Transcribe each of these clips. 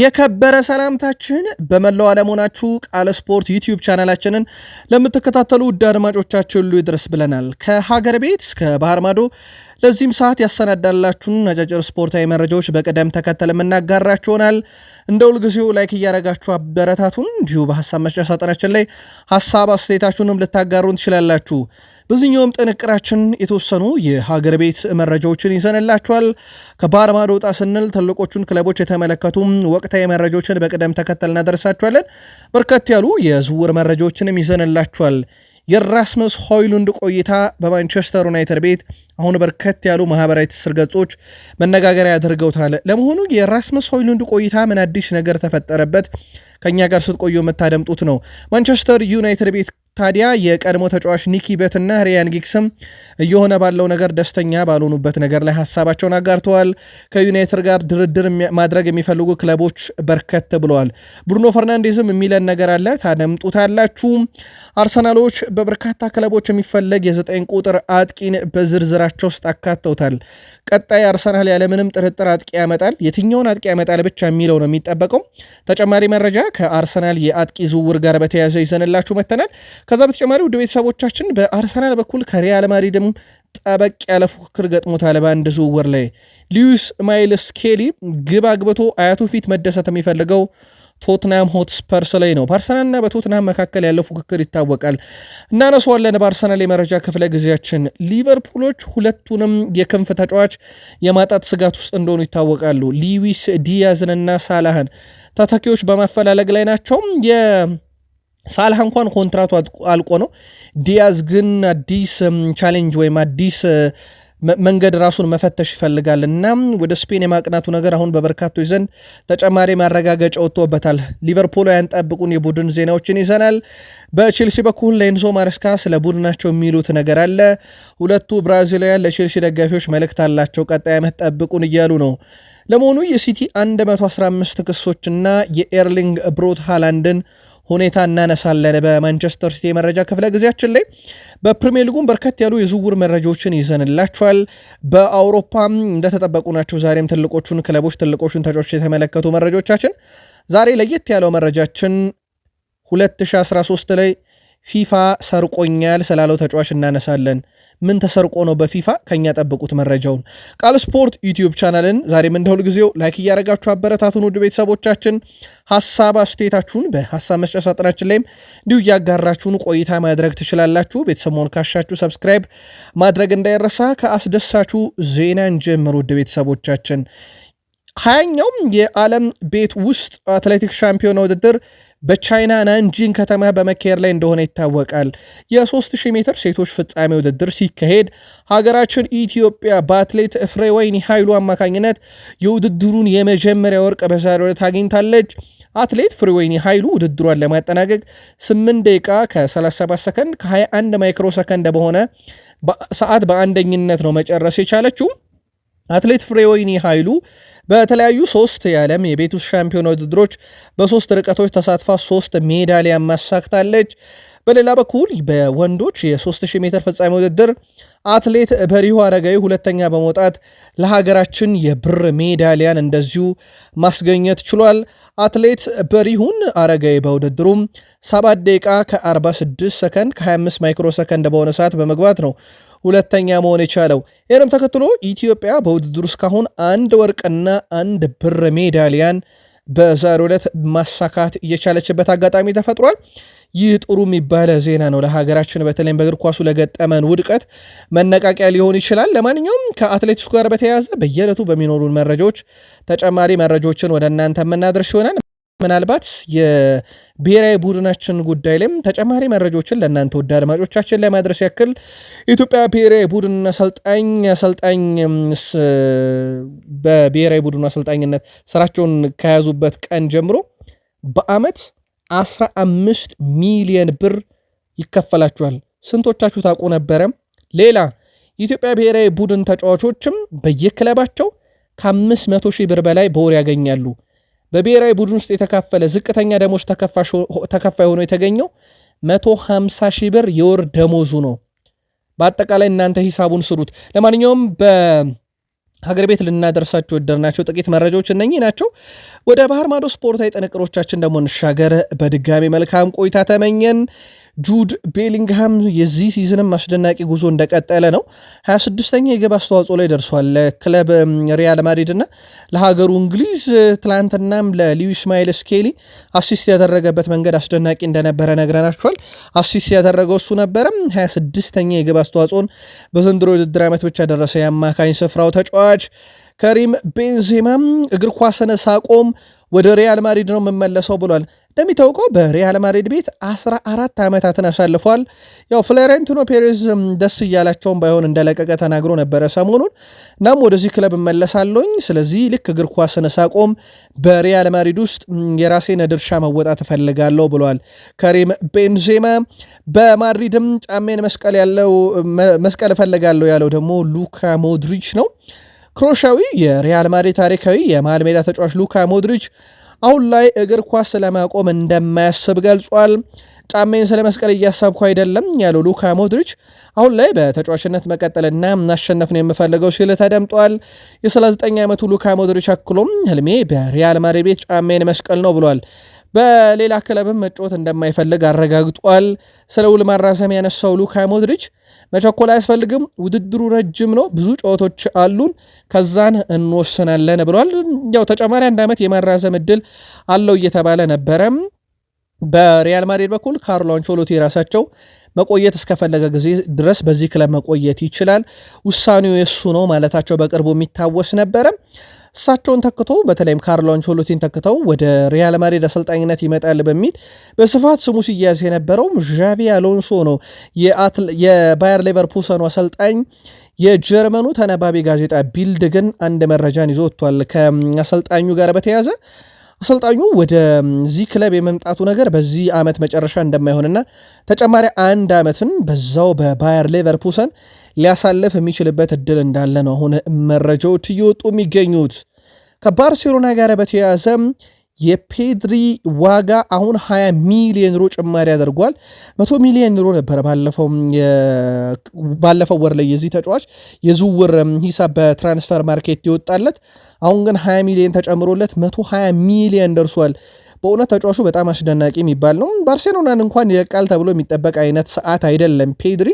የከበረ ሰላምታችን በመላው ዓለም ሆናችሁ ቃለ ስፖርት ዩቲዩብ ቻናላችንን ለምትከታተሉ ውድ አድማጮቻችን ሁሉ ይድረስ ብለናል። ከሀገር ቤት እስከ ባህር ማዶ ለዚህም ሰዓት ያሰናዳላችሁን አጫጭር ስፖርታዊ መረጃዎች በቅደም ተከተል የምናጋራችሁ ይሆናል። እንደ ሁልጊዜው ላይክ እያደረጋችሁ አበረታቱን። እንዲሁ በሀሳብ መስጫ ሳጥናችን ላይ ሀሳብ አስተያየታችሁንም ልታጋሩን ትችላላችሁ። በዚህኛውም ጥንቅራችን የተወሰኑ የሀገር ቤት መረጃዎችን ይዘንላችኋል። ከባህር ማዶ ወጣ ስንል ትልቆቹን ክለቦች የተመለከቱ ወቅታዊ መረጃዎችን በቅደም ተከተል እናደርሳችኋለን። በርከት ያሉ የዝውውር መረጃዎችንም ይዘንላችኋል። የራስመስ ሆይሉንድ ቆይታ በማንቸስተር ዩናይትድ ቤት አሁን በርከት ያሉ ማህበራዊ ትስስር ገጾች መነጋገሪያ ያደርገውታል። ለመሆኑ የራስመስ ሆይሉንድ ቆይታ ምን አዲስ ነገር ተፈጠረበት? ከእኛ ጋር ስትቆዩ የምታደምጡት ነው። ማንቸስተር ዩናይትድ ቤት ታዲያ የቀድሞ ተጫዋች ኒኪ ቤትና ሪያን ጊግስም እየሆነ ባለው ነገር ደስተኛ ባልሆኑበት ነገር ላይ ሀሳባቸውን አጋርተዋል። ከዩናይትድ ጋር ድርድር ማድረግ የሚፈልጉ ክለቦች በርከት ብለዋል። ብሩኖ ፈርናንዴዝም የሚለን ነገር አለ፣ ታደምጡታላችሁ። አርሰናሎች በበርካታ ክለቦች የሚፈለግ የዘጠኝ ቁጥር አጥቂን በዝርዝራቸው ውስጥ አካተውታል። ቀጣይ አርሰናል ያለምንም ጥርጥር አጥቂ ያመጣል። የትኛውን አጥቂ ያመጣል ብቻ የሚለው ነው የሚጠበቀው። ተጨማሪ መረጃ ከአርሰናል የአጥቂ ዝውውር ጋር በተያያዘ ይዘንላችሁ መተናል። ከዛ በተጨማሪ ውድ ቤተሰቦቻችን በአርሰናል በኩል ከሪያል ማድሪድም ጠበቅ ያለ ፉክክር ገጥሞታል። በአንድ ዝውውር ላይ ሊዩስ ማይልስ ኬሊ ግብ አግብቶ አያቱ ፊት መደሰት የሚፈልገው ቶትናም ሆትስፐርስ ላይ ነው። በአርሰናልና በቶትናም መካከል ያለው ፉክክር ይታወቃል። እናነሳዋለን። በአርሰናል የመረጃ ክፍለ ጊዜያችን ሊቨርፑሎች ሁለቱንም የክንፍ ተጫዋች የማጣት ስጋት ውስጥ እንደሆኑ ይታወቃሉ። ሊዊስ ዲያዝንና ሳላህን ታታኪዎች በማፈላለግ ላይ ናቸው። ሳልሃ እንኳን ኮንትራቱ አልቆ ነው። ዲያዝ ግን አዲስ ቻሌንጅ ወይም አዲስ መንገድ ራሱን መፈተሽ ይፈልጋል እና ወደ ስፔን የማቅናቱ ነገር አሁን በበርካቶች ዘንድ ተጨማሪ ማረጋገጫ ወጥቶበታል። ሊቨርፑል ጠብቁን የቡድን ዜናዎችን ይዘናል። በቼልሲ በኩል ለኤንዞ ማረስካ ስለ ቡድናቸው የሚሉት ነገር አለ። ሁለቱ ብራዚላውያን ለቼልሲ ደጋፊዎች መልእክት አላቸው። ቀጣይ ዓመት ጠብቁን እያሉ ነው። ለመሆኑ የሲቲ 115 ክሶችና የኤርሊንግ ብሮት ሃላንድን ሁኔታ እናነሳለን በማንቸስተር ሲቲ መረጃ ክፍለ ጊዜያችን ላይ። በፕሪሚየር ሊጉም በርከት ያሉ የዝውውር መረጃዎችን ይዘንላችኋል። በአውሮፓም እንደተጠበቁ ናቸው። ዛሬም ትልቆቹን ክለቦች ትልቆቹን ተጫዋቾች የተመለከቱ መረጃዎቻችን። ዛሬ ለየት ያለው መረጃችን 2013 ላይ ፊፋ ሰርቆኛል ስላለው ተጫዋች እናነሳለን። ምን ተሰርቆ ነው በፊፋ? ከኛ ጠብቁት መረጃውን። ቃል ስፖርት ዩቲዩብ ቻናልን ዛሬም እንደ ሁልጊዜው ላይክ እያደረጋችሁ አበረታቱን። ውድ ቤተሰቦቻችን ሀሳብ አስተያየታችሁን በሀሳብ መስጫ ሳጥናችን ላይም እንዲሁ እያጋራችሁን ቆይታ ማድረግ ትችላላችሁ። ቤተሰብ መሆን ካሻችሁ ሰብስክራይብ ማድረግ እንዳይረሳ። ከአስደሳችሁ ዜናን ጀምር። ውድ ቤተሰቦቻችን ሀያኛውም የዓለም ቤት ውስጥ አትሌቲክስ ሻምፒዮና ውድድር በቻይና ናንጂን ከተማ በመካሄድ ላይ እንደሆነ ይታወቃል። የ3000 ሜትር ሴቶች ፍጻሜ ውድድር ሲካሄድ ሀገራችን ኢትዮጵያ በአትሌት ወይኒ ኃይሉ አማካኝነት የውድድሩን የመጀመሪያ ወርቅ በዛሬው ዕለት አግኝታለች። አትሌት ፍሬወይኒ ኃይሉ ውድድሯን ለማጠናቀቅ 8 ደቂቃ ከ37 ሰከንድ ከ21 ማይክሮ ሰከንድ በሆነ ሰዓት በአንደኝነት ነው መጨረስ የቻለችው። አትሌት ፍሬወይኒ ኃይሉ በተለያዩ ሶስት የዓለም የቤት ውስጥ ሻምፒዮና ውድድሮች በሶስት ርቀቶች ተሳትፋ ሶስት ሜዳሊያ ማሳክታለች። በሌላ በኩል በወንዶች የ3000 ሜትር ፍጻሜ ውድድር አትሌት በሪሁ አረጋዊ ሁለተኛ በመውጣት ለሀገራችን የብር ሜዳሊያን እንደዚሁ ማስገኘት ችሏል። አትሌት በሪሁን አረጋዊ በውድድሩም 7 ደቂቃ ከ46 ሰከንድ ከ25 ማይክሮ ሰከንድ በሆነ ሰዓት በመግባት ነው ሁለተኛ መሆን የቻለው። ይህንም ተከትሎ ኢትዮጵያ በውድድሩ እስካሁን አንድ ወርቅና አንድ ብር ሜዳሊያን በዛሬው ዕለት ማሳካት እየቻለችበት አጋጣሚ ተፈጥሯል። ይህ ጥሩ የሚባለ ዜና ነው ለሀገራችን፣ በተለይም በእግር ኳሱ ለገጠመን ውድቀት መነቃቂያ ሊሆን ይችላል። ለማንኛውም ከአትሌቲክሱ ጋር በተያያዘ በየዕለቱ በሚኖሩን መረጃዎች ተጨማሪ መረጃዎችን ወደ እናንተ የምናደርስ ይሆናል። ምናልባት ብሔራዊ ቡድናችን ጉዳይ ላይም ተጨማሪ መረጃዎችን ለእናንተ ወደ አድማጮቻችን ለማድረስ ያክል ኢትዮጵያ ብሔራዊ ቡድን አሰልጣኝ አሰልጣኝ በብሔራዊ ቡድኑ አሰልጣኝነት ስራቸውን ከያዙበት ቀን ጀምሮ በአመት 15 ሚሊየን ብር ይከፈላችኋል። ስንቶቻችሁ ታውቁ ነበረ? ሌላ የኢትዮጵያ ብሔራዊ ቡድን ተጫዋቾችም በየክለባቸው ከ500 ሺህ ብር በላይ በወር ያገኛሉ። በብሔራዊ ቡድን ውስጥ የተካፈለ ዝቅተኛ ደሞዝ ተከፋይ ሆኖ የተገኘው 150 ሺህ ብር የወር ደሞዙ ነው። በአጠቃላይ እናንተ ሂሳቡን ስሩት። ለማንኛውም በሀገር ቤት ልናደርሳቸው ወደድናቸው ጥቂት መረጃዎች እነኚህ ናቸው። ወደ ባህር ማዶ ስፖርታዊ ጥንቅሮቻችን ደግሞ እንሻገር። በድጋሚ መልካም ቆይታ ተመኘን። ጁድ ቤሊንግሃም የዚህ ሲዝንም አስደናቂ ጉዞ እንደቀጠለ ነው። 26ኛ የግብ አስተዋጽኦ ላይ ደርሷል ለክለብ ሪያል ማድሪድ እና ለሀገሩ እንግሊዝ። ትላንትናም ለሊዊስ ኢስማኤል ስኬሊ አሲስት ያደረገበት መንገድ አስደናቂ እንደነበረ ነግረናችኋል። አሲስት ያደረገው እሱ ነበረም። 26ኛ የግብ አስተዋጽኦን በዘንድሮ ውድድር ዓመት ብቻ ደረሰ። የአማካኝ ስፍራው ተጫዋች ከሪም ቤንዜማም እግር ኳስን ሳቆም ወደ ሪያል ማድሪድ ነው የምመለሰው ብሏል። እንደሚታወቀው በሪያል ማድሪድ ቤት 14 ዓመታትን አሳልፏል። ያው ፍሎሬንቲኖ ፔሬዝ ደስ እያላቸውን ባይሆን እንደለቀቀ ተናግሮ ነበረ ሰሞኑን። እናም ወደዚህ ክለብ እመለሳለኝ፣ ስለዚህ ልክ እግር ኳስን ሳቆም በሪያል ማድሪድ ውስጥ የራሴን ድርሻ መወጣት እፈልጋለሁ ብሏል ከሪም ቤንዜማ። በማድሪድም ጫሜን መስቀል ያለው መስቀል እፈልጋለሁ ያለው ደግሞ ሉካ ሞድሪች ነው። ክሮሻዊ የሪያል ማድሪድ ታሪካዊ የመሃል ሜዳ ተጫዋች ሉካ ሞድሪች አሁን ላይ እግር ኳስ ስለማቆም እንደማያስብ ገልጿል። ጫሜን ስለ መስቀል እያሳብኩ አይደለም ያለው ሉካ ሞድሪች አሁን ላይ በተጫዋችነት መቀጠልና ማሸነፍ ነው የምፈልገው ሲል ተደምጧል። የ39 ዓመቱ ሉካ ሞድሪች አክሎም ህልሜ በሪያል ማድሪድ ቤት ጫሜን መስቀል ነው ብሏል። በሌላ ክለብም መጫወት እንደማይፈልግ አረጋግጧል። ስለ ውል ማራዘም ያነሳው ሉካ ሞድሪች መቸኮል አያስፈልግም፣ ውድድሩ ረጅም ነው፣ ብዙ ጨዋታዎች አሉን፣ ከዛን እንወስናለን ብሏል። ያው ተጨማሪ አንድ ዓመት የማራዘም እድል አለው እየተባለ ነበረም። በሪያል ማድሪድ በኩል ካርሎ አንቾሎቲ የራሳቸው መቆየት እስከፈለገ ጊዜ ድረስ በዚህ ክለብ መቆየት ይችላል፣ ውሳኔው የሱ ነው ማለታቸው በቅርቡ የሚታወስ ነበረ። እሳቸውን ተክቶ በተለይም ካርሎ አንቸሎቲን ተክተው ወደ ሪያል ማድሪድ አሰልጣኝነት ይመጣል በሚል በስፋት ስሙ ሲያዝ የነበረው ዣቪ አሎንሶ ነው። የባየር ሌቨርኩሰኑ አሰልጣኝ የጀርመኑ ተነባቢ ጋዜጣ ቢልድ ግን አንድ መረጃን ይዞ ወጥቷል። ከአሰልጣኙ ጋር በተያዘ አሰልጣኙ ወደዚህ ክለብ የመምጣቱ ነገር በዚህ ዓመት መጨረሻ እንደማይሆንና ተጨማሪ አንድ ዓመትን በዛው በባየር ሌቨርኩሰን ሊያሳልፍ የሚችልበት እድል እንዳለ ነው አሁን መረጃዎች እየወጡ የሚገኙት። ከባርሴሎና ጋር በተያያዘ የፔድሪ ዋጋ አሁን 20 ሚሊዮን ዩሮ ጭማሪ አድርጓል። 100 ሚሊዮን ዩሮ ነበረ ባለፈው ወር ላይ የዚህ ተጫዋች የዝውውር ሂሳብ በትራንስፈር ማርኬት ይወጣለት። አሁን ግን 20 ሚሊዮን ተጨምሮለት 120 ሚሊዮን ደርሷል። በእውነት ተጫዋቹ በጣም አስደናቂ የሚባል ነው። ባርሴሎናን እንኳን ይለቃል ተብሎ የሚጠበቅ አይነት ሰዓት አይደለም። ፔድሪ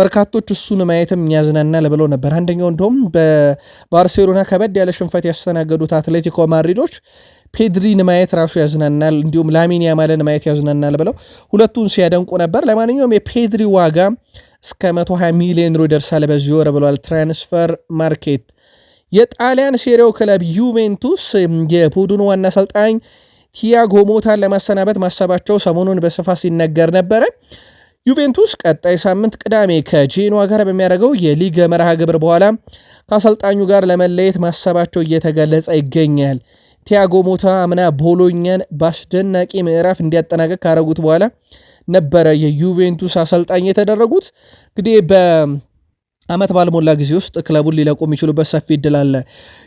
በርካቶች እሱን ማየትም የሚያዝናና ብለው ነበር። አንደኛው እንደውም በባርሴሎና ከበድ ያለ ሽንፈት ያስተናገዱት አትሌቲኮ ማድሪዶች ፔድሪን ማየት ራሱ ያዝናናል፣ እንዲሁም ላሚን ያማልን ማየት ያዝናናል ብለው ሁለቱን ሲያደንቁ ነበር። ለማንኛውም የፔድሪ ዋጋ እስከ 120 ሚሊዮን ዩሮ ይደርሳል በዚህ ወር ብሏል ትራንስፈር ማርኬት። የጣሊያን ሴሪው ክለብ ዩቬንቱስ የቡድኑ ዋና አሰልጣኝ ቲያጎ ሞታን ለማሰናበት ማሰባቸው ሰሞኑን በስፋት ሲነገር ነበረ። ዩቬንቱስ ቀጣይ ሳምንት ቅዳሜ ከጄኖዋ ጋር በሚያደርገው የሊግ መርሃ ግብር በኋላ ከአሰልጣኙ ጋር ለመለየት ማሰባቸው እየተገለጸ ይገኛል። ቲያጎ ሞታ አምና ቦሎኛን በአስደናቂ ምዕራፍ እንዲያጠናቀቅ ካደረጉት በኋላ ነበረ የዩቬንቱስ አሰልጣኝ የተደረጉት እንግዲህ ዓመት ባልሞላ ጊዜ ውስጥ ክለቡን ሊለቁ የሚችሉበት ሰፊ እድል አለ።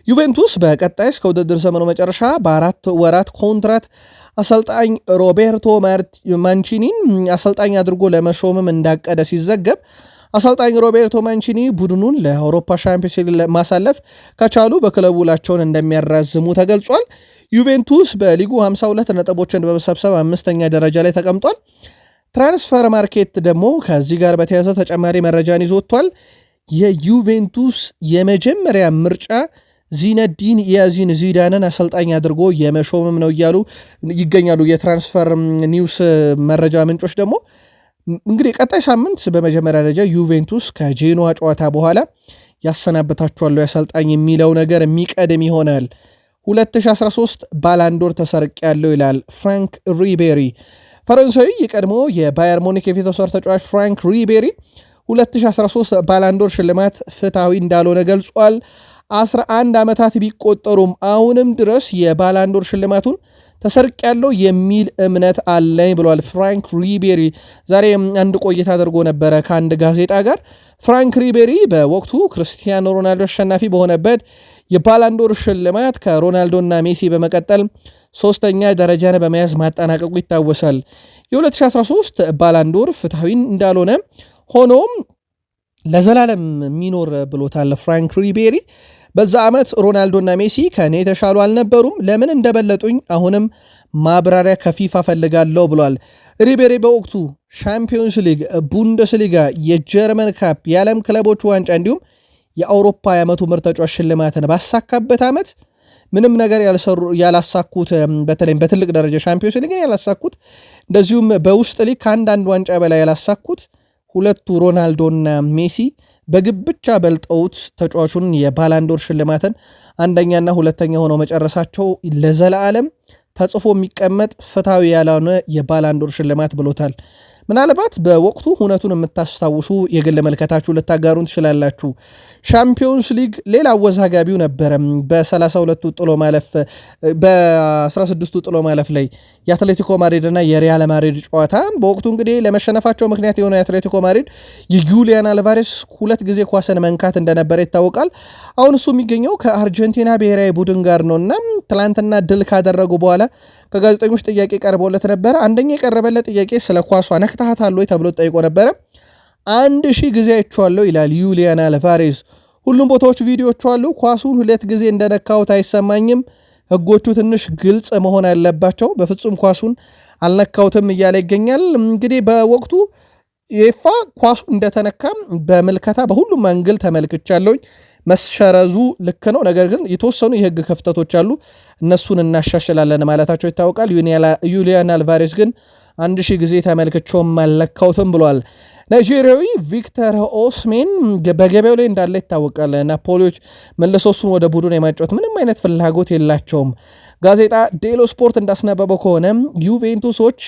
ዩቬንቱስ በቀጣይ እስከ ውድድር ዘመኑ መጨረሻ በአራት ወራት ኮንትራት አሰልጣኝ ሮቤርቶ ማንቺኒን አሰልጣኝ አድርጎ ለመሾምም እንዳቀደ ሲዘገብ አሰልጣኝ ሮቤርቶ ማንቺኒ ቡድኑን ለአውሮፓ ሻምፒዮንስ ሊግ ማሳለፍ ከቻሉ በክለቡ ውላቸውን እንደሚያራዝሙ ተገልጿል። ዩቬንቱስ በሊጉ 52 ነጥቦችን በመሰብሰብ አምስተኛ ደረጃ ላይ ተቀምጧል። ትራንስፈር ማርኬት ደግሞ ከዚህ ጋር በተያያዘ ተጨማሪ መረጃን ይዞ ወጥቷል። የዩቬንቱስ የመጀመሪያ ምርጫ ዚነዲን ኢያዚን ዚዳንን አሰልጣኝ አድርጎ የመሾምም ነው እያሉ ይገኛሉ የትራንስፈር ኒውስ መረጃ ምንጮች ደግሞ እንግዲህ ቀጣይ ሳምንት በመጀመሪያ ደረጃ ዩቬንቱስ ከጄኖዋ ጨዋታ በኋላ ያሰናበታችኋለሁ ያሰልጣኝ የሚለው ነገር የሚቀድም ይሆናል 2013 ባላንዶር ተሰርቅ ያለው ይላል ፍራንክ ሪቤሪ ፈረንሳዊ የቀድሞ የባየር ሞኒክ የፊተሰር ተጫዋች ፍራንክ ሪቤሪ 2013 ባላንዶር ሽልማት ፍትሐዊ እንዳልሆነ ገልጿል። 11 ዓመታት ቢቆጠሩም አሁንም ድረስ የባላንዶር ሽልማቱን ተሰርቅ ያለው የሚል እምነት አለኝ ብሏል ፍራንክ ሪቤሪ። ዛሬ አንድ ቆይታ አድርጎ ነበረ ከአንድ ጋዜጣ ጋር። ፍራንክ ሪቤሪ በወቅቱ ክርስቲያኖ ሮናልዶ አሸናፊ በሆነበት የባላንዶር ሽልማት ከሮናልዶና ሜሲ በመቀጠል ሶስተኛ ደረጃን በመያዝ ማጠናቀቁ ይታወሳል። የ2013 ባላንዶር ፍትሐዊ እንዳልሆነ ሆኖም ለዘላለም የሚኖር ብሎታል ፍራንክ ሪቤሪ። በዛ ዓመት ሮናልዶና ሜሲ ከእኔ የተሻሉ አልነበሩም፣ ለምን እንደበለጡኝ አሁንም ማብራሪያ ከፊፋ ፈልጋለሁ ብሏል ሪቤሪ። በወቅቱ ሻምፒዮንስ ሊግ፣ ቡንደስሊጋ፣ የጀርመን ካፕ፣ የዓለም ክለቦች ዋንጫ እንዲሁም የአውሮፓ የዓመቱ ምርጥ ተጫዋች ሽልማትን ባሳካበት ዓመት ምንም ነገር ያላሳኩት በተለይም በትልቅ ደረጃ ሻምፒዮንስ ሊግን ያላሳኩት እንደዚሁም በውስጥ ሊግ ከአንዳንድ ዋንጫ በላይ ያላሳኩት ሁለቱ ሮናልዶና ሜሲ በግብ ብቻ በልጠውት ተጫዋቹን የባላንዶር ሽልማትን አንደኛና ሁለተኛ ሆነው መጨረሳቸው ለዘለዓለም ተጽፎ የሚቀመጥ ፍትሐዊ ያልሆነ የባላንዶር ሽልማት ብሎታል። ምናልባት በወቅቱ ሁነቱን የምታስታውሱ የግል መልከታችሁ ልታጋሩን ትችላላችሁ። ሻምፒዮንስ ሊግ ሌላ አወዛጋቢው ነበረ። በ32ቱ ጥሎ ማለፍ በ16ቱ ጥሎ ማለፍ ላይ የአትሌቲኮ እና የሪያል ማድሪድ ጨዋታ በወቅቱ እንግዲህ ለመሸነፋቸው ምክንያት የሆነው የአትሌቲኮ ማድሪድ የጁሊያን አልቫሬስ ሁለት ጊዜ ኳስን መንካት እንደነበረ ይታወቃል። አሁን እሱ የሚገኘው ከአርጀንቲና ብሔራዊ ቡድን ጋር ነው እና ትላንትና ድል ካደረጉ በኋላ በጋዜጠኞች ጥያቄ ቀርቦለት ነበረ። አንደኛ የቀረበለት ጥያቄ ስለ ኳሷ ነክታሃታል ወይ ተብሎ ጠይቆ ነበረ። አንድ ሺህ ጊዜ አይቼዋለሁ ይላል ዩሊያን አልቫሬዝ። ሁሉም ቦታዎች ቪዲዮቹ አሉ። ኳሱን ሁለት ጊዜ እንደነካሁት አይሰማኝም። ህጎቹ ትንሽ ግልጽ መሆን አለባቸው። በፍጹም ኳሱን አልነካሁትም እያለ ይገኛል። እንግዲህ በወቅቱ የፋ ኳሱ እንደተነካ በምልከታ በሁሉም አንግል ተመልክቻለሁኝ መሸረዙ ልክ ነው። ነገር ግን የተወሰኑ የህግ ክፍተቶች አሉ፣ እነሱን እናሻሽላለን ማለታቸው ይታወቃል። ዩሊያን አልቫሬስ ግን አንድ ሺህ ጊዜ ተመልክቼውም አልለካውትም ብሏል። ናይጄሪያዊ ቪክተር ኦስሜን በገበያው ላይ እንዳለ ይታወቃል። ናፖሊዎች መልሰው እሱን ወደ ቡድን የማጫወት ምንም አይነት ፍላጎት የላቸውም። ጋዜጣ ዴሎ ስፖርት እንዳስነበበው ከሆነ ዩቬንቱሶች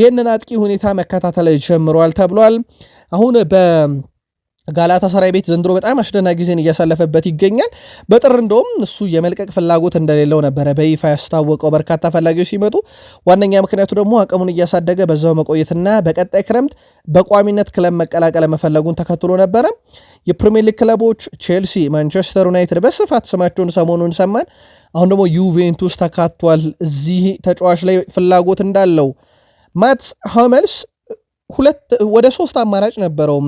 ይህንን አጥቂ ሁኔታ መከታተል ጀምረዋል ተብሏል። አሁን በ ጋላታ ሰራይ ቤት ዘንድሮ በጣም አስደናቂ ጊዜን እያሳለፈበት ይገኛል። በጥር እንደውም እሱ የመልቀቅ ፍላጎት እንደሌለው ነበረ በይፋ ያስታወቀው። በርካታ ፈላጊዎች ሲመጡ ዋነኛ ምክንያቱ ደግሞ አቅሙን እያሳደገ በዛው መቆየትና በቀጣይ ክረምት በቋሚነት ክለብ መቀላቀል መፈለጉን ተከትሎ ነበረ። የፕሪሚየር ሊግ ክለቦች ቼልሲ፣ ማንቸስተር ዩናይትድ በስፋት ስማቸውን ሰሞኑን ሰማን። አሁን ደግሞ ዩቬንቱስ ተካቷል። እዚህ ተጫዋች ላይ ፍላጎት እንዳለው ማትስ ሆመልስ ሁለት ወደ ሶስት አማራጭ ነበረው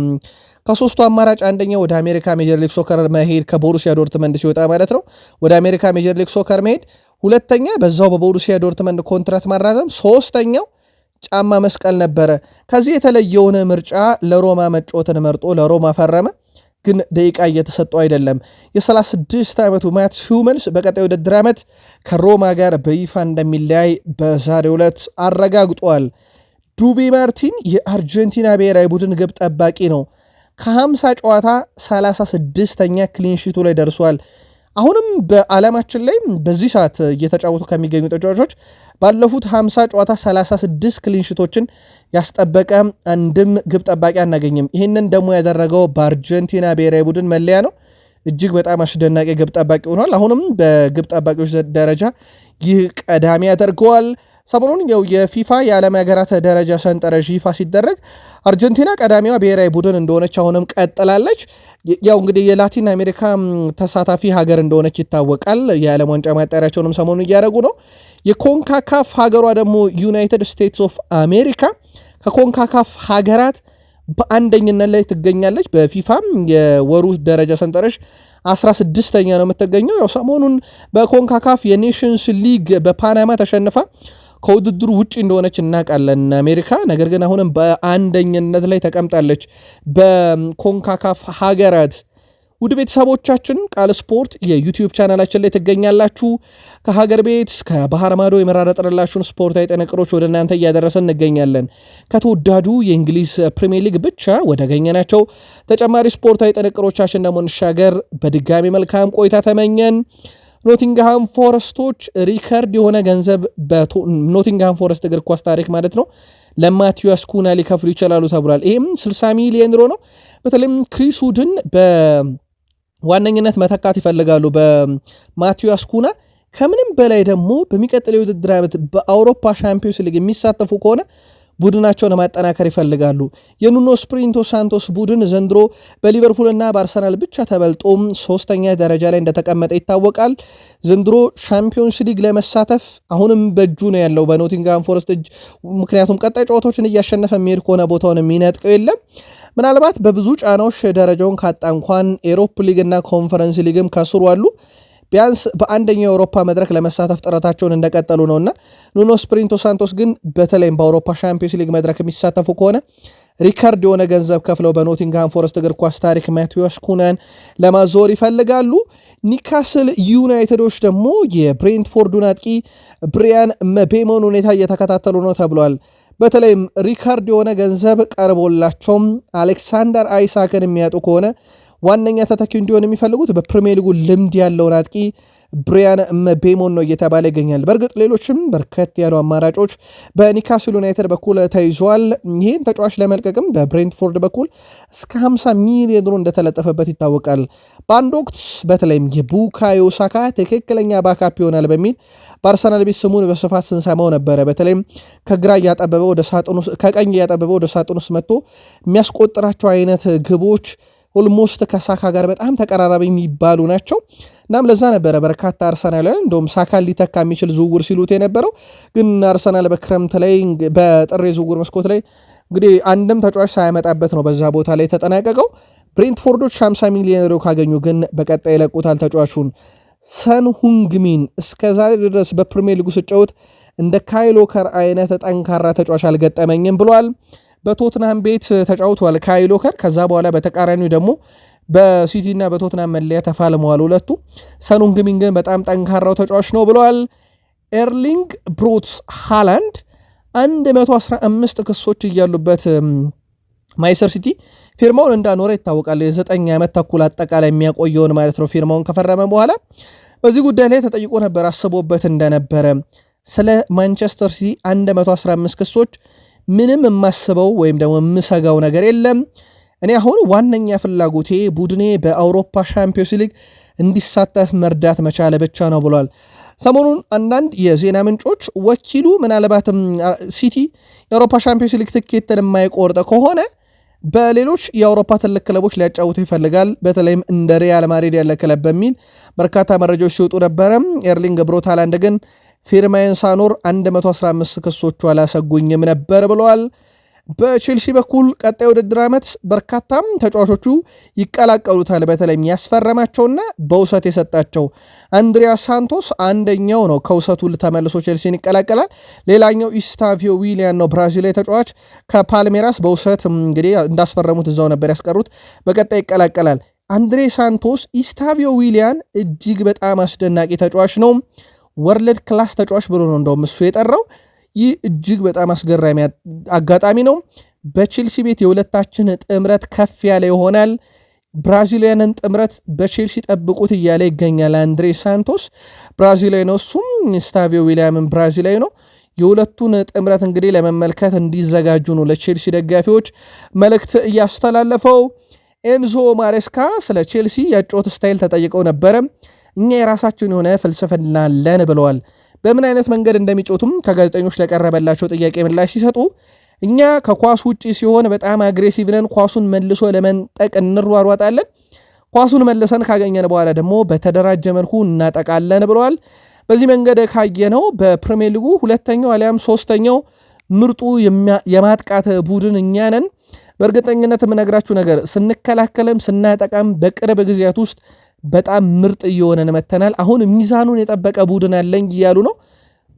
ከሶስቱ አማራጭ አንደኛው ወደ አሜሪካ ሜጀር ሊግ ሶከር መሄድ ከቦሩሲያ ዶርትመንድ ሲወጣ ማለት ነው። ወደ አሜሪካ ሜጀር ሊግ ሶከር መሄድ፣ ሁለተኛ በዛው በቦሩሲያ ዶርትመንድ ኮንትራት ማራዘም፣ ሶስተኛው ጫማ መስቀል ነበረ። ከዚህ የተለየውን ምርጫ ለሮማ መጫወትን መርጦ ለሮማ ፈረመ። ግን ደቂቃ እየተሰጠው አይደለም። የ36 ዓመቱ ማት ሹመንስ በቀጣይ ውድድር ዓመት ከሮማ ጋር በይፋ እንደሚለያይ በዛሬው ዕለት አረጋግጧል። ዱቢ ማርቲን የአርጀንቲና ብሔራዊ ቡድን ግብ ጠባቂ ነው። ከ50 ጨዋታ 36 ተኛ ክሊንሺቱ ላይ ደርሷል። አሁንም በዓለማችን ላይ በዚህ ሰዓት እየተጫወቱ ከሚገኙ ተጫዋቾች ባለፉት 50 ጨዋታ 36 ክሊንሽቶችን ያስጠበቀ አንድም ግብ ጠባቂ አናገኝም። ይህንን ደግሞ ያደረገው በአርጀንቲና ብሔራዊ ቡድን መለያ ነው። እጅግ በጣም አስደናቂ ግብ ጠባቂ ሆኗል። አሁንም በግብ ጠባቂዎች ደረጃ ይህ ቀዳሚ ያደርገዋል። ሰሞኑን ያው የፊፋ የዓለም ሀገራት ደረጃ ሰንጠረዥ ይፋ ሲደረግ አርጀንቲና ቀዳሚዋ ብሔራዊ ቡድን እንደሆነች አሁንም ቀጥላለች። ያው እንግዲህ የላቲን አሜሪካ ተሳታፊ ሀገር እንደሆነች ይታወቃል። የዓለም ዋንጫ ማጣሪያቸውንም ሰሞኑን እያደረጉ ነው። የኮንካካፍ ሀገሯ ደግሞ ዩናይትድ ስቴትስ ኦፍ አሜሪካ ከኮንካካፍ ሀገራት በአንደኝነት ላይ ትገኛለች። በፊፋም የወሩ ደረጃ ሰንጠረዥ 16ተኛ ነው የምትገኘው። ያው ሰሞኑን በኮንካካፍ የኔሽንስ ሊግ በፓናማ ተሸንፋ ከውድድሩ ውጭ እንደሆነች እናውቃለን አሜሪካ። ነገር ግን አሁንም በአንደኝነት ላይ ተቀምጣለች በኮንካካፍ ሀገራት ውድ ቤተሰቦቻችን ቃል ስፖርት የዩቲዩብ ቻናላችን ላይ ትገኛላችሁ። ከሀገር ቤት እስከ ባህር ማዶ የመራረጥንላችሁን ስፖርታዊ ጥንቅሮች ወደ እናንተ እያደረሰን እንገኛለን። ከተወዳጁ የእንግሊዝ ፕሪሚየር ሊግ ብቻ ወደ ናቸው። ተጨማሪ ስፖርታዊ ጥንቅሮቻችን ደግሞ እንሻገር። በድጋሚ መልካም ቆይታ ተመኘን። ኖቲንግሃም ፎረስቶች ሪከርድ የሆነ ገንዘብ በኖቲንግሃም ፎረስት እግር ኳስ ታሪክ ማለት ነው ለማቲያስ ኩና ሊከፍሉ ይችላሉ ተብሏል። ይህም 60 ሚሊዮን ዩሮ ነው። በተለይም ክሪስ ውድን በ ዋነኝነት መተካት ይፈልጋሉ በማቲያስ ኩና። ከምንም በላይ ደግሞ በሚቀጥለው የውድድር ዓመት በአውሮፓ ሻምፒዮንስ ሊግ የሚሳተፉ ከሆነ ቡድናቸውን ማጠናከር ይፈልጋሉ። የኑኖ ስፕሪንቶ ሳንቶስ ቡድን ዘንድሮ በሊቨርፑልና በአርሰናል ብቻ ተበልጦ ሶስተኛ ደረጃ ላይ እንደተቀመጠ ይታወቃል። ዘንድሮ ሻምፒዮንስ ሊግ ለመሳተፍ አሁንም በእጁ ነው ያለው በኖቲንግሃም ፎረስት እጅ። ምክንያቱም ቀጣይ ጨዋታዎችን እያሸነፈ የሚሄድ ከሆነ ቦታውን የሚነጥቀው የለም። ምናልባት በብዙ ጫናዎች ደረጃውን ካጣ እንኳን ኤሮፕ ሊግና ኮንፈረንስ ሊግም ከስሩ አሉ። ቢያንስ በአንደኛው የአውሮፓ መድረክ ለመሳተፍ ጥረታቸውን እንደቀጠሉ ነውና ኑኖ ስፕሪንቶ ሳንቶስ ግን በተለይም በአውሮፓ ሻምፒዮንስ ሊግ መድረክ የሚሳተፉ ከሆነ ሪካርድ የሆነ ገንዘብ ከፍለው በኖቲንግሃም ፎረስት እግር ኳስ ታሪክ ማቴዎስ ኩናን ለማዞር ይፈልጋሉ። ኒካስል ዩናይትዶች ደግሞ የብሬንትፎርዱን አጥቂ ብሪያን መቤሞን ሁኔታ እየተከታተሉ ነው ተብሏል። በተለይም ሪካርድ የሆነ ገንዘብ ቀርቦላቸውም አሌክሳንደር አይሳክን የሚያጡ ከሆነ ዋነኛ ተተኪው እንዲሆን የሚፈልጉት በፕሪሚየር ሊጉ ልምድ ያለውን አጥቂ ብሪያን መቤሞን ነው እየተባለ ይገኛል። በእርግጥ ሌሎችም በርከት ያሉ አማራጮች በኒካስል ዩናይትድ በኩል ተይዟል። ይህን ተጫዋች ለመልቀቅም በብሬንትፎርድ በኩል እስከ 50 ሚሊዮን ዩሮ እንደተለጠፈበት ይታወቃል። በአንድ ወቅት በተለይም የቡካዮ ሳካ ትክክለኛ ባካፕ ይሆናል በሚል በአርሰናል ቤት ስሙን በስፋት ስንሰማው ነበረ። በተለይም ከግራ እያጠበበ ከቀኝ እያጠበበ ወደ ሳጥን ውስጥ መጥቶ የሚያስቆጥራቸው አይነት ግቦች ኦልሞስት ከሳካ ጋር በጣም ተቀራራቢ የሚባሉ ናቸው። እናም ለዛ ነበረ በርካታ አርሰናላውያን እንደውም ሳካን ሊተካ የሚችል ዝውውር ሲሉት የነበረው። ግን አርሰናል በክረምት ላይ በጥር ዝውውር መስኮት ላይ እንግዲህ አንድም ተጫዋች ሳያመጣበት ነው በዛ ቦታ ላይ ተጠናቀቀው። ብሬንትፎርዶች 50 ሚሊዮን ዩሮ ካገኙ ግን በቀጣይ ይለቁታል ተጫዋቹን። ሁንግሚን እስከዛሬ ድረስ በፕሪሚየር ሊጉ ስጫወት እንደ ካይሎከር አይነት ጠንካራ ተጫዋች አልገጠመኝም ብሏል። በቶትናም ቤት ተጫውተዋል ካይ ሎከር። ከዛ በኋላ በተቃራኒው ደግሞ በሲቲና በቶትናም መለያ ተፋልመዋል ሁለቱ። ሰኑን በጣም ጠንካራው ተጫዋች ነው ብለዋል። ኤርሊንግ ብሮት ሃላንድ 115 ክሶች እያሉበት ማይሰር ሲቲ ፊርማውን እንዳኖረ ይታወቃል። የዘጠኝ ዓመት ተኩል አጠቃላይ የሚያቆየውን ማለት ነው ፊርማውን ከፈረመ በኋላ በዚህ ጉዳይ ላይ ተጠይቆ ነበር አስቦበት እንደነበረ ስለ ማንቸስተር ሲቲ 115 ክሶች ምንም የማስበው ወይም ደግሞ የምሰጋው ነገር የለም። እኔ አሁን ዋነኛ ፍላጎቴ ቡድኔ በአውሮፓ ሻምፒዮንስ ሊግ እንዲሳተፍ መርዳት መቻለ ብቻ ነው ብሏል። ሰሞኑን አንዳንድ የዜና ምንጮች ወኪሉ ምናልባትም ሲቲ የአውሮፓ ሻምፒዮንስ ሊግ ትኬትን የማይቆርጠ ከሆነ በሌሎች የአውሮፓ ትልቅ ክለቦች ሊያጫውቱ ይፈልጋል፣ በተለይም እንደ ሪያል ማድሪድ ያለ ክለብ በሚል በርካታ መረጃዎች ሲወጡ ነበረ። ኤርሊንግ ብሮት ሃላንድ ግን ፊርማዬን ሳኖር 115 ክሶቹ አላሰጉኝም ነበር ብለዋል። በቼልሲ በኩል ቀጣይ ውድድር ዓመት በርካታም ተጫዋቾቹ ይቀላቀሉታል። በተለይም ያስፈረማቸውና በውሰት የሰጣቸው አንድሪያ ሳንቶስ አንደኛው ነው። ከውሰቱ ተመልሶ ቼልሲን ይቀላቀላል። ሌላኛው ኢስታቪዮ ዊሊያን ነው፣ ብራዚላዊ ተጫዋች ከፓልሜራስ በውሰት እንግዲህ እንዳስፈረሙት እዛው ነበር ያስቀሩት። በቀጣይ ይቀላቀላል። አንድሬ ሳንቶስ፣ ኢስታቪዮ ዊሊያን እጅግ በጣም አስደናቂ ተጫዋች ነው። ወርልድ ክላስ ተጫዋች ብሎ ነው እንደውም እሱ የጠራው። ይህ እጅግ በጣም አስገራሚ አጋጣሚ ነው። በቼልሲ ቤት የሁለታችን ጥምረት ከፍ ያለ ይሆናል። ብራዚሊያንን ጥምረት በቼልሲ ጠብቁት እያለ ይገኛል አንድሬ ሳንቶስ ብራዚላዊ ነው፣ እሱም ስታቪዮ ዊሊያምን ብራዚላዊ ነው። የሁለቱን ጥምረት እንግዲህ ለመመልከት እንዲዘጋጁ ነው ለቼልሲ ደጋፊዎች መልእክት እያስተላለፈው። ኤንዞ ማሬስካ ስለ ቼልሲ የጮት ስታይል ተጠይቀው ነበረ። እኛ የራሳችን የሆነ ፍልስፍና አለን ብለዋል። በምን አይነት መንገድ እንደሚጮቱም ከጋዜጠኞች ለቀረበላቸው ጥያቄ ምላሽ ሲሰጡ እኛ ከኳስ ውጪ ሲሆን በጣም አግሬሲቭ ነን፣ ኳሱን መልሶ ለመንጠቅ እንሯሯጣለን፣ ኳሱን መልሰን ካገኘን በኋላ ደግሞ በተደራጀ መልኩ እናጠቃለን ብለዋል። በዚህ መንገድ ካየነው በፕሪሚየር ሊጉ ሁለተኛው አሊያም ሶስተኛው ምርጡ የማጥቃት ቡድን እኛ ነን። በእርግጠኝነት የምነግራችሁ ነገር ስንከላከልም ስናጠቃም በቅርብ ጊዜያት ውስጥ በጣም ምርጥ እየሆነን መተናል። አሁን ሚዛኑን የጠበቀ ቡድን አለኝ እያሉ ነው።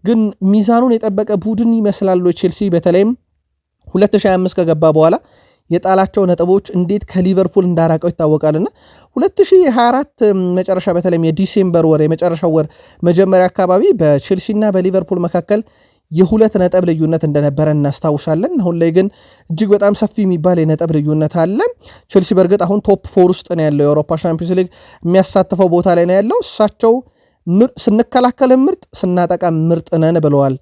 ግን ሚዛኑን የጠበቀ ቡድን ይመስላሉ ቼልሲ። በተለይም 2025 ከገባ በኋላ የጣላቸው ነጥቦች እንዴት ከሊቨርፑል እንዳራቀው ይታወቃልና 2024 መጨረሻ በተለይም የዲሴምበር ወር የመጨረሻው ወር መጀመሪያ አካባቢ በቼልሲና በሊቨርፑል መካከል የሁለት ነጥብ ልዩነት እንደነበረ እናስታውሳለን። አሁን ላይ ግን እጅግ በጣም ሰፊ የሚባል የነጥብ ልዩነት አለ። ቼልሲ በእርግጥ አሁን ቶፕ ፎር ውስጥ ነው ያለው፣ የአውሮፓ ሻምፒዮንስ ሊግ የሚያሳትፈው ቦታ ላይ ነው ያለው። እሳቸው ስንከላከል ምርጥ፣ ስናጠቃ ምርጥ ነን ብለዋል።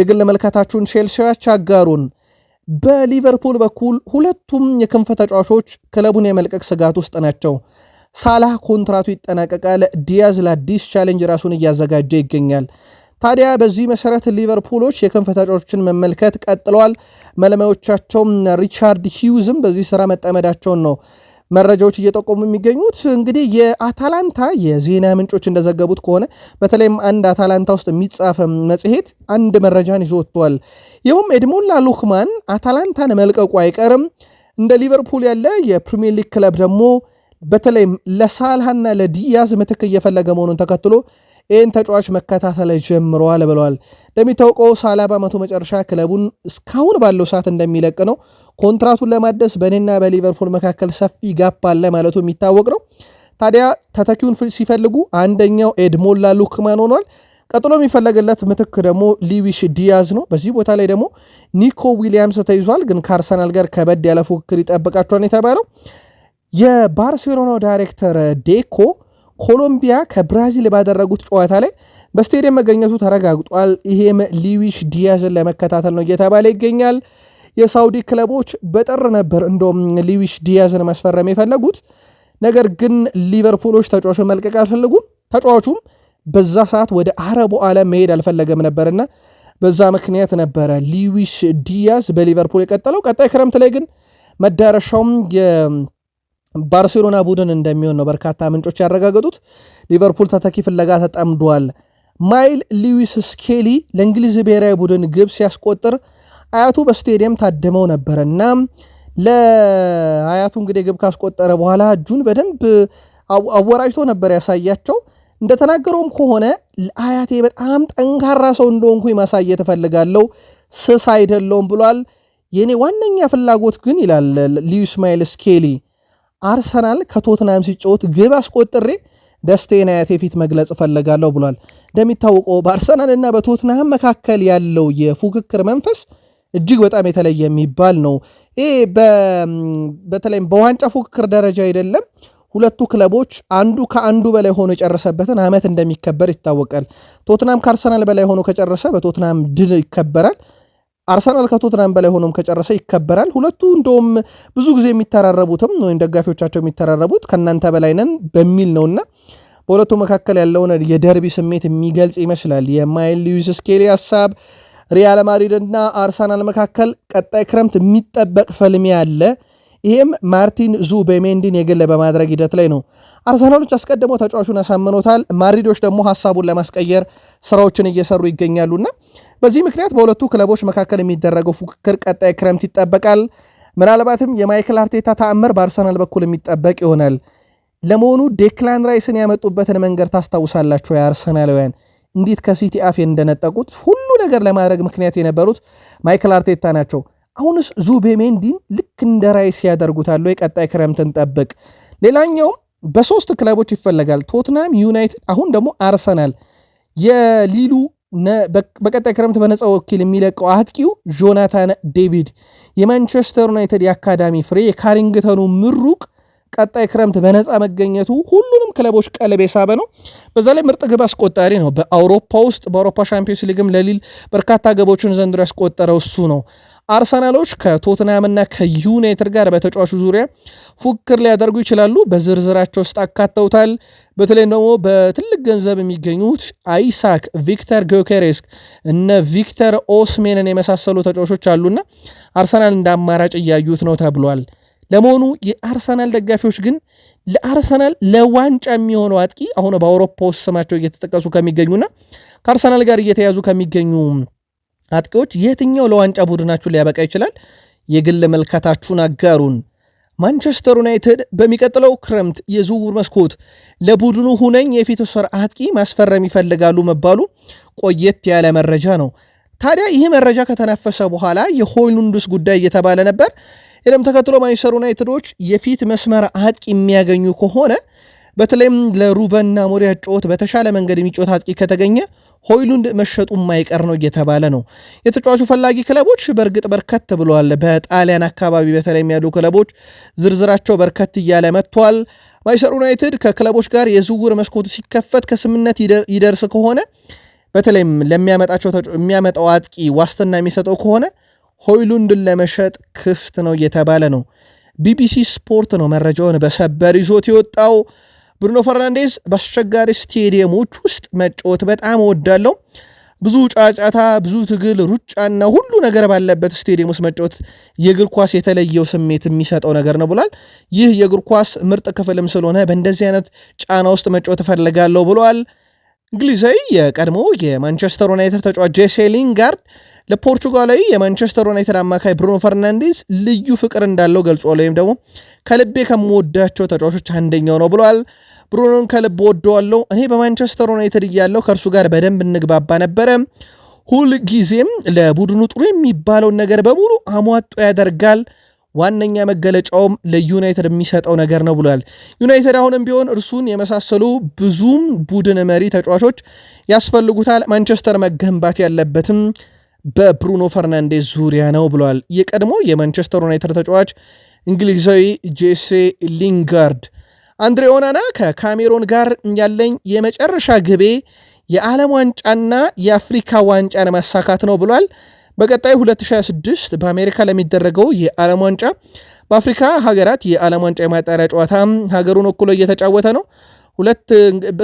የግል መልከታችሁን ቼልሲዎች አጋሩን። በሊቨርፑል በኩል ሁለቱም የክንፍ ተጫዋቾች ክለቡን የመልቀቅ ስጋት ውስጥ ናቸው። ሳላህ ኮንትራቱ ይጠናቀቃል። ዲያዝ ለአዲስ ቻሌንጅ ራሱን እያዘጋጀ ይገኛል። ታዲያ በዚህ መሰረት ሊቨርፑሎች የክንፍ ተጫዋቾችን መመልከት ቀጥለዋል። መለማዮቻቸውም ሪቻርድ ሂውዝም በዚህ ስራ መጠመዳቸውን ነው መረጃዎች እየጠቆሙ የሚገኙት እንግዲህ የአታላንታ የዜና ምንጮች እንደዘገቡት ከሆነ በተለይም አንድ አታላንታ ውስጥ የሚጻፈ መጽሔት አንድ መረጃን ይዞ ወጥቷል። ይኸውም ኤድሞላ ሉክማን አታላንታን መልቀቁ አይቀርም። እንደ ሊቨርፑል ያለ የፕሪሚየር ሊግ ክለብ ደግሞ በተለይም ለሳልሃና ለዲያዝ ምትክ እየፈለገ መሆኑን ተከትሎ ይህን ተጫዋች መከታተል ጀምረዋል ብለዋል። እንደሚታወቀው ሳላ በዓመቱ መጨረሻ ክለቡን እስካሁን ባለው ሰዓት እንደሚለቅ ነው። ኮንትራቱን ለማደስ በእኔና በሊቨርፑል መካከል ሰፊ ጋፕ አለ ማለቱ የሚታወቅ ነው። ታዲያ ተተኪውን ሲፈልጉ አንደኛው ኤድሞላ ሉክማን ሆኗል። ቀጥሎ የሚፈለግለት ምትክ ደግሞ ሊዊሽ ዲያዝ ነው። በዚህ ቦታ ላይ ደግሞ ኒኮ ዊሊያምስ ተይዟል። ግን ከአርሰናል ጋር ከበድ ያለ ፉክክር ይጠብቃቸዋል የተባለው የባርሴሎናው ዳይሬክተር ዴኮ ኮሎምቢያ ከብራዚል ባደረጉት ጨዋታ ላይ በስቴዲየም መገኘቱ ተረጋግጧል። ይሄም ሊዊሽ ዲያዝን ለመከታተል ነው እየተባለ ይገኛል። የሳውዲ ክለቦች በጥር ነበር እንደውም ሊዊሽ ዲያዝን ማስፈረም የፈለጉት ነገር ግን ሊቨርፑሎች ተጫዋቹን መልቀቅ አልፈለጉም። ተጫዋቹም በዛ ሰዓት ወደ አረቡ ዓለም መሄድ አልፈለገም ነበርና በዛ ምክንያት ነበረ ሊዊሽ ዲያዝ በሊቨርፑል የቀጠለው። ቀጣይ ክረምት ላይ ግን መዳረሻውም ባርሴሎና ቡድን እንደሚሆን ነው በርካታ ምንጮች ያረጋገጡት። ሊቨርፑል ተተኪ ፍለጋ ተጠምዷል። ማይል ሊዊስ ስኬሊ ለእንግሊዝ ብሔራዊ ቡድን ግብ ሲያስቆጥር አያቱ በስቴዲየም ታድመው ነበር እና ለአያቱ እንግዲህ ግብ ካስቆጠረ በኋላ እጁን በደንብ አወራጅቶ ነበር ያሳያቸው። እንደተናገረውም ከሆነ አያቴ በጣም ጠንካራ ሰው እንደሆንኩኝ ማሳየት እፈልጋለሁ፣ ስስ አይደለውም ብሏል። የእኔ ዋነኛ ፍላጎት ግን ይላል ሊዊስ ማይል ስኬሊ አርሰናል ከቶትናም ሲጫወት ግብ አስቆጥሬ ደስታዬን አያቴ ፊት መግለጽ እፈልጋለሁ ብሏል። እንደሚታወቀው በአርሰናል እና በቶትናም መካከል ያለው የፉክክር መንፈስ እጅግ በጣም የተለየ የሚባል ነው። ይህ በተለይም በዋንጫ ፉክክር ደረጃ አይደለም። ሁለቱ ክለቦች አንዱ ከአንዱ በላይ ሆኖ የጨረሰበትን ዓመት እንደሚከበር ይታወቃል። ቶትናም ከአርሰናል በላይ ሆኖ ከጨረሰ በቶትናም ድል ይከበራል። አርሰናል ከቶትናም በላይ ሆኖም ከጨረሰ ይከበራል። ሁለቱ እንደውም ብዙ ጊዜ የሚተራረቡትም ወይም ደጋፊዎቻቸው የሚተራረቡት ከእናንተ በላይ ነን በሚል ነውና በሁለቱ መካከል ያለውን የደርቢ ስሜት የሚገልጽ ይመስላል የማይል ሉዊስ ስኬሊ ሀሳብ። ሪያል ማድሪድና አርሰናል መካከል ቀጣይ ክረምት የሚጠበቅ ፍልሚያ አለ። ይህም ማርቲን ዙቤሜንዲን የግል በማድረግ ሂደት ላይ ነው። አርሰናሎች አስቀድሞ ተጫዋቹን አሳምኖታል። ማድሪዶች ደግሞ ሀሳቡን ለማስቀየር ስራዎችን እየሰሩ ይገኛሉና በዚህ ምክንያት በሁለቱ ክለቦች መካከል የሚደረገው ፉክክር ቀጣይ ክረምት ይጠበቃል። ምናልባትም የማይክል አርቴታ ተአምር በአርሰናል በኩል የሚጠበቅ ይሆናል። ለመሆኑ ዴክላን ራይስን ያመጡበትን መንገድ ታስታውሳላችሁ? የአርሰናላውያን እንዴት ከሲቲ አፌ እንደነጠቁት ሁሉ ነገር ለማድረግ ምክንያት የነበሩት ማይክል አርቴታ ናቸው። አሁንስ ዙቤሜንዲን ልክ እንደ ራይስ ያደርጉታሉ? የቀጣይ ክረምትን ጠብቅ። ሌላኛውም በሶስት ክለቦች ይፈለጋል። ቶትናም ዩናይትድ፣ አሁን ደግሞ አርሰናል የሊሉ በቀጣይ ክረምት በነፃ ወኪል የሚለቀው አጥቂው ጆናታን ዴቪድ የማንቸስተር ዩናይትድ የአካዳሚ ፍሬ የካሪንግተኑ ምሩቅ ቀጣይ ክረምት በነፃ መገኘቱ ሁሉንም ክለቦች ቀለብ የሳበ ነው። በዛ ላይ ምርጥ ግብ አስቆጣሪ ነው። በአውሮፓ ውስጥ በአውሮፓ ሻምፒዮንስ ሊግም ለሊል በርካታ ግቦችን ዘንድሮ ያስቆጠረው እሱ ነው። አርሰናሎች ከቶትናምና ከዩናይትድ ጋር በተጫዋቹ ዙሪያ ፉክክር ሊያደርጉ ይችላሉ። በዝርዝራቸው ውስጥ አካተውታል። በተለይም ደግሞ በትልቅ ገንዘብ የሚገኙት አይሳክ፣ ቪክተር ጊዮኬሬስክ፣ እነ ቪክተር ኦስሜንን የመሳሰሉ ተጫዋቾች አሉና አርሰናል እንደ አማራጭ እያዩት ነው ተብሏል። ለመሆኑ የአርሰናል ደጋፊዎች ግን ለአርሰናል ለዋንጫ የሚሆነው አጥቂ አሁን በአውሮፓ ውስጥ ስማቸው እየተጠቀሱ ከሚገኙና ከአርሰናል ጋር እየተያዙ ከሚገኙ አጥቂዎች የትኛው ለዋንጫ ቡድናችሁን ሊያበቃ ይችላል? የግል መልካታችሁን አጋሩን። ማንቸስተር ዩናይትድ በሚቀጥለው ክረምት የዝውውር መስኮት ለቡድኑ ሁነኝ የፊት መስመር አጥቂ ማስፈረም ይፈልጋሉ መባሉ ቆየት ያለ መረጃ ነው። ታዲያ ይህ መረጃ ከተናፈሰ በኋላ የሆይሉንድስ ጉዳይ እየተባለ ነበር። ይህንም ተከትሎ ማንቸስተር ዩናይትዶች የፊት መስመር አጥቂ የሚያገኙ ከሆነ በተለይም ለሩበን አሞሪም ጩኸት በተሻለ መንገድ የሚጮት አጥቂ ከተገኘ ሆይሉንድ መሸጡ የማይቀር ነው እየተባለ ነው። የተጫዋቹ ፈላጊ ክለቦች በእርግጥ በርከት ብለዋል። በጣሊያን አካባቢ በተለይም ያሉ ክለቦች ዝርዝራቸው በርከት እያለ መጥቷል። ማንቸስተር ዩናይትድ ከክለቦች ጋር የዝውውር መስኮቱ ሲከፈት ከስምነት ይደርስ ከሆነ በተለይም ለሚያመጣቸው የሚያመጣው አጥቂ ዋስትና የሚሰጠው ከሆነ ሆይሉንድን ለመሸጥ ክፍት ነው እየተባለ ነው። ቢቢሲ ስፖርት ነው መረጃውን በሰበር ይዞት የወጣው። ብሩኖ ፈርናንዴዝ በአስቸጋሪ ስቴዲየሞች ውስጥ መጫወት በጣም እወዳለሁ። ብዙ ጫጫታ፣ ብዙ ትግል፣ ሩጫና ሁሉ ነገር ባለበት ስቴዲየም ውስጥ መጫወት የእግር ኳስ የተለየው ስሜት የሚሰጠው ነገር ነው ብሏል። ይህ የእግር ኳስ ምርጥ ክፍልም ስለሆነ በእንደዚህ አይነት ጫና ውስጥ መጫወት እፈልጋለሁ ብለዋል። እንግሊዛዊ የቀድሞ የማንቸስተር ዩናይትድ ተጫዋች ጄሴ ሊንጋርድ ለፖርቹጋላዊ የማንቸስተር ዩናይትድ አማካይ ብሩኖ ፈርናንዴዝ ልዩ ፍቅር እንዳለው ገልጿል። ወይም ደግሞ ከልቤ ከምወዳቸው ተጫዋቾች አንደኛው ነው ብሏል። ብሩኖን ከልብ ወደዋለው። እኔ በማንቸስተር ዩናይትድ እያለው ከእርሱ ጋር በደንብ እንግባባ ነበረ። ሁል ጊዜም ለቡድኑ ጥሩ የሚባለውን ነገር በሙሉ አሟጦ ያደርጋል። ዋነኛ መገለጫውም ለዩናይትድ የሚሰጠው ነገር ነው ብሏል። ዩናይትድ አሁንም ቢሆን እርሱን የመሳሰሉ ብዙም ቡድን መሪ ተጫዋቾች ያስፈልጉታል። ማንቸስተር መገንባት ያለበትም በብሩኖ ፈርናንዴዝ ዙሪያ ነው ብሏል። የቀድሞ የማንቸስተር ዩናይትድ ተጫዋች እንግሊዛዊ ጄሴ ሊንጋርድ አንድሬ ኦናና ከካሜሮን ጋር ያለኝ የመጨረሻ ግቤ የዓለም ዋንጫና የአፍሪካ ዋንጫን ማሳካት ነው ብሏል። በቀጣይ 2026 በአሜሪካ ለሚደረገው የዓለም ዋንጫ በአፍሪካ ሀገራት የዓለም ዋንጫ የማጣሪያ ጨዋታ ሀገሩን ወክሎ እየተጫወተ ነው። ሁለት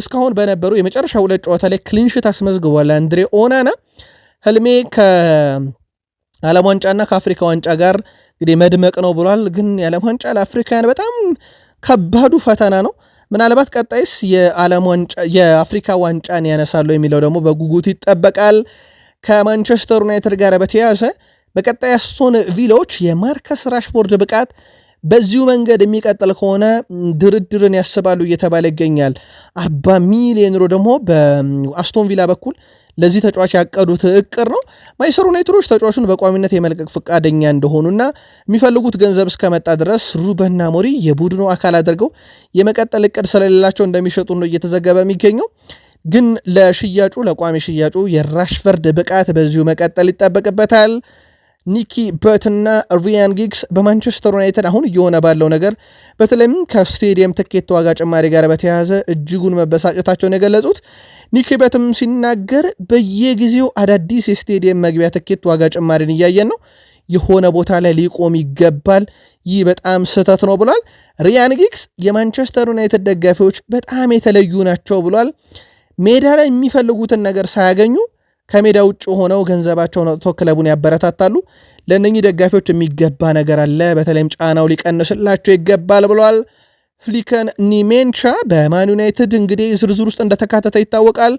እስካሁን በነበሩ የመጨረሻ ሁለት ጨዋታ ላይ ክሊንሽት አስመዝግቧል። አንድሬ ኦናና ህልሜ ከዓለም ዋንጫና ከአፍሪካ ዋንጫ ጋር እንግዲህ መድመቅ ነው ብሏል። ግን የዓለም ዋንጫ ለአፍሪካውያን በጣም ከባዱ ፈተና ነው። ምናልባት ቀጣይስ የአፍሪካ ዋንጫን ያነሳሉ የሚለው ደግሞ በጉጉት ይጠበቃል። ከማንቸስተር ዩናይትድ ጋር በተያያዘ በቀጣይ አስቶን ቪላዎች የማርከስ ራሽፎርድ ብቃት በዚሁ መንገድ የሚቀጥል ከሆነ ድርድርን ያስባሉ እየተባለ ይገኛል። አርባ ሚሊዮን ዩሮ ደግሞ በአስቶን ቪላ በኩል ለዚህ ተጫዋች ያቀዱት እቅር ነው። ማንቸስተር ዩናይትዶች ተጫዋቹን በቋሚነት የመልቀቅ ፈቃደኛ እንደሆኑና የሚፈልጉት ገንዘብ እስከመጣ ድረስ ሩበን አሞሪም የቡድኑ አካል አድርገው የመቀጠል እቅድ ስለሌላቸው እንደሚሸጡ ነው እየተዘገበ የሚገኘው። ግን ለሽያጩ ለቋሚ ሽያጩ የራሽፈርድ ብቃት በዚሁ መቀጠል ይጠበቅበታል። ኒኪ በትና ሪያን ጊግስ በማንቸስተር ዩናይትድ አሁን እየሆነ ባለው ነገር በተለይም ከስቴዲየም ትኬት ዋጋ ጭማሪ ጋር በተያያዘ እጅጉን መበሳጨታቸውን የገለጹት ኒኪ በትም ሲናገር በየጊዜው አዳዲስ የስቴዲየም መግቢያ ትኬት ዋጋ ጭማሪን እያየን ነው የሆነ ቦታ ላይ ሊቆም ይገባል። ይህ በጣም ስህተት ነው ብሏል። ሪያን ጊግስ የማንቸስተር ዩናይትድ ደጋፊዎች በጣም የተለዩ ናቸው ብሏል። ሜዳ ላይ የሚፈልጉትን ነገር ሳያገኙ ከሜዳ ውጭ ሆነው ገንዘባቸውን አውጥቶ ክለቡን ያበረታታሉ። ለእነኚህ ደጋፊዎች የሚገባ ነገር አለ፣ በተለይም ጫናው ሊቀንስላቸው ይገባል ብለዋል። ፍሊከን ኒሜንቻ በማን ዩናይትድ እንግዲህ ዝርዝር ውስጥ እንደተካተተ ይታወቃል።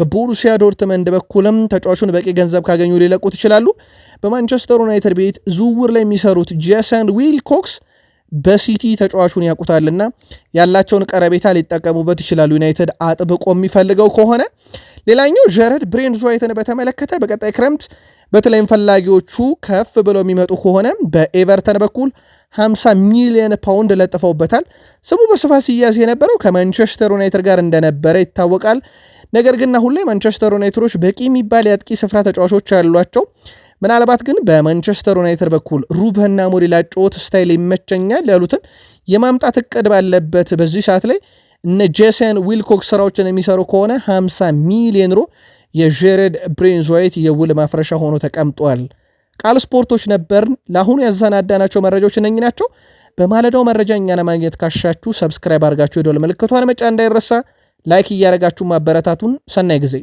በቦሩሲያ ዶርትመንድ በኩልም ተጫዋቹን በቂ ገንዘብ ካገኙ ሊለቁት ይችላሉ። በማንቸስተር ዩናይትድ ቤት ዝውውር ላይ የሚሰሩት ጄሰን ዊልኮክስ በሲቲ ተጫዋቹን ያውቁታልና ያላቸውን ቀረቤታ ሊጠቀሙበት ይችላሉ። ዩናይትድ አጥብቆ የሚፈልገው ከሆነ ሌላኛው ጀረድ ብሬንድ ራይትን በተመለከተ በቀጣይ ክረምት በተለይም ፈላጊዎቹ ከፍ ብለው የሚመጡ ከሆነ በኤቨርተን በኩል 50 ሚሊዮን ፓውንድ ለጥፈውበታል። ስሙ በስፋት ሲያዝ የነበረው ከማንቸስተር ዩናይትድ ጋር እንደነበረ ይታወቃል። ነገር ግን አሁን ላይ ማንቸስተር ዩናይትዶች በቂ የሚባል የአጥቂ ስፍራ ተጫዋቾች ያሏቸው ምናልባት ግን በማንቸስተር ዩናይትድ በኩል ሩበን አሞሪም ላጨዋወት ስታይል ይመቸኛል ያሉትን የማምጣት እቅድ ባለበት በዚህ ሰዓት ላይ እነ ጄሰን ዊልኮክ ስራዎችን የሚሰሩ ከሆነ 50 ሚሊዮን ሮ የጄሬድ ብሬንዝዋይት የውል ማፍረሻ ሆኖ ተቀምጧል። ቃል ስፖርቶች ነበርን። ለአሁኑ ያዘናዳናቸው መረጃዎች እነኝ ናቸው። በማለዳው መረጃ እኛ ለማግኘት ካሻችሁ ሰብስክራይብ አድርጋችሁ የደወል ምልክቷን መጫ እንዳይረሳ። ላይክ እያደረጋችሁ ማበረታቱን። ሰናይ ጊዜ